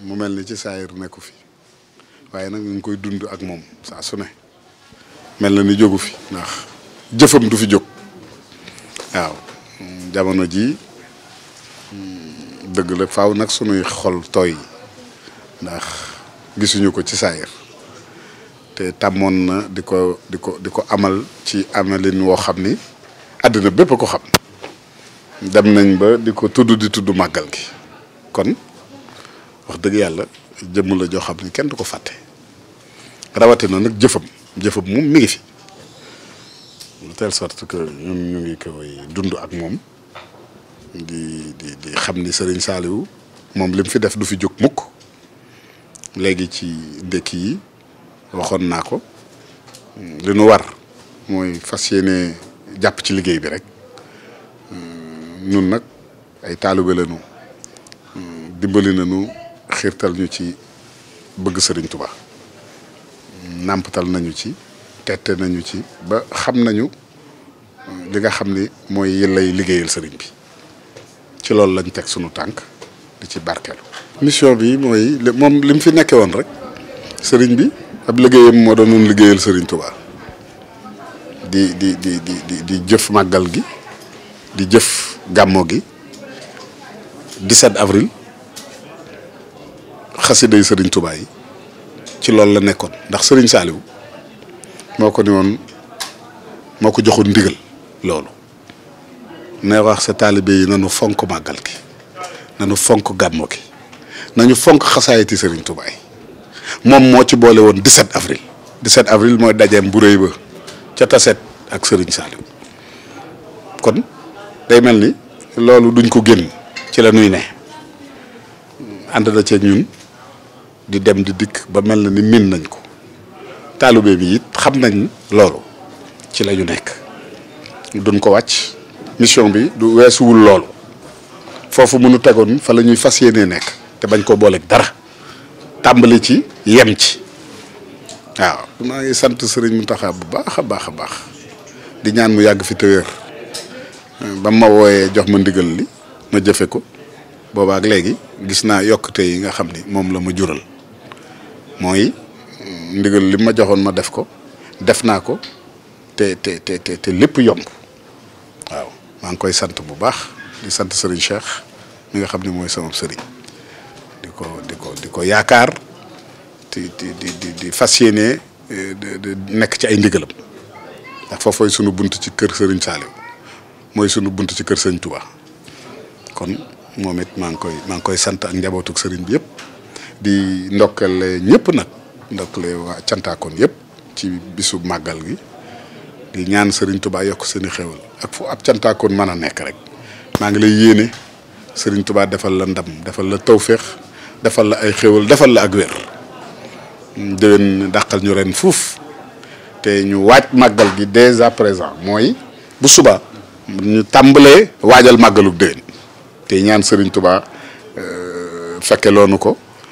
mu mel ni ci saayir nekku fi waaye nag ñu ngi koy dund ak moom saa su ne mel na ni jógu fi ndax jëfam du fi jóg waaw jamono ji hmm, dëgg la faaw nag sunuy xol tooy ndax gisuñu ko ci saayir te tàmmoon na di ko di ko di ko amal ci amalin woo xam ni àddina bépp a ko xam dem nañ ba di ko tudd di tudd màggal gi kon wax dëgg yàlla jëmm la joo xam ne kenn du ko fàtte rawatina nag jëfam jëfam moom mi ngi fi de telle sort que ñun ñu ngi koy dund ak moom di di di xam ni Serigne Saliou moom li mu fi def du fi jóg mukk léegi ci ndekki yi waxoon naa ko li nu war mooy fas yéene jàpp ci liggéey bi rek ñun nag ay taalibe lañu dimbali nañu xiirtal ñu ci bëgg sëriñ Tuubaa nàmptal nañu ci tette nañu ci ba xam nañu li nga xam ni mooy yëllay liggéeyal sëriñ bi ci loolu lañ teg sunu tànk di ci barkel mission bi mooy moom li mu fi nekkee woon rek sëriñ bi ab liggéeyam moo doonoon liggéeyal sëriñ Tuubaa di di di di di jëf màggal gi di jëf gàmmo gi 17 avril. xasiday sëriñ Tuubaa yi ci loolu la nekkoon ndax sëriñ Saaliw moo ko ni woon moo ko joxoon ndigal loolu ne wax sa taalibe yi nanu fonk màggal gi nanu fonk gàmmo ki nañu fonk xasaayati sëriñ Tuubaa moom moo ci boole woon 17 avril 17 avril mooy dajeem bu rëy ba ca taset ak sëriñ Saaliw kon day mel ni loolu duñ ko génn ci la nuy ne ànd na ñun di dem di dik ba melni ni min nañ ko talube bi it xam nañ lolu ci lañu nek duñ ko wacc mission bi du wul lolu fofu mënu tagon fa lañuy fasiyene nek te bañ ko bolé dara tambali ci yem ci waaw maa ngi sante serigne Mountakha bu baakha baakha baax di ñaan mu yag fi te ba ma woyé jox ma ndigal li ma jëfé ko gis yokkute nga xamni mom la ma jural Moi, ndigal li ma ma def ko def nako te te te te te lépp yomb waaw maa ngi koy bu baax di Santo sëriñ Cheikh mi nga xam ne sama di ko di ko di ko Yakar, di di di di fas de eh, de ci ay ndigalam ndax foofooy sunu bunt ci kër sëriñ Saliou mooy sunu bunt ci kër sëriñ Touba kon moom it maa ngi koy maa ngi koy sant ak bi di ndokkale ñëpp nag ndokkale waa cantaakoon yëpp ci bisu màggal gi di ñaan Serigne tubaa yokk seeni xewal xéwal ak fu ab cantaakoon mën a nekk rek maa ngi lay yéene Serigne tubaa defal la ndam defal la tawféex defal la ay xewal defal la ak wér déwén dàqal ñu ren fuuf te ñu waaj màggal gi dès à présent mooy bu suba ñu tàmbalee waajal màggalug déwén te ñaan sëriñ Touba euh, fekke loonu ko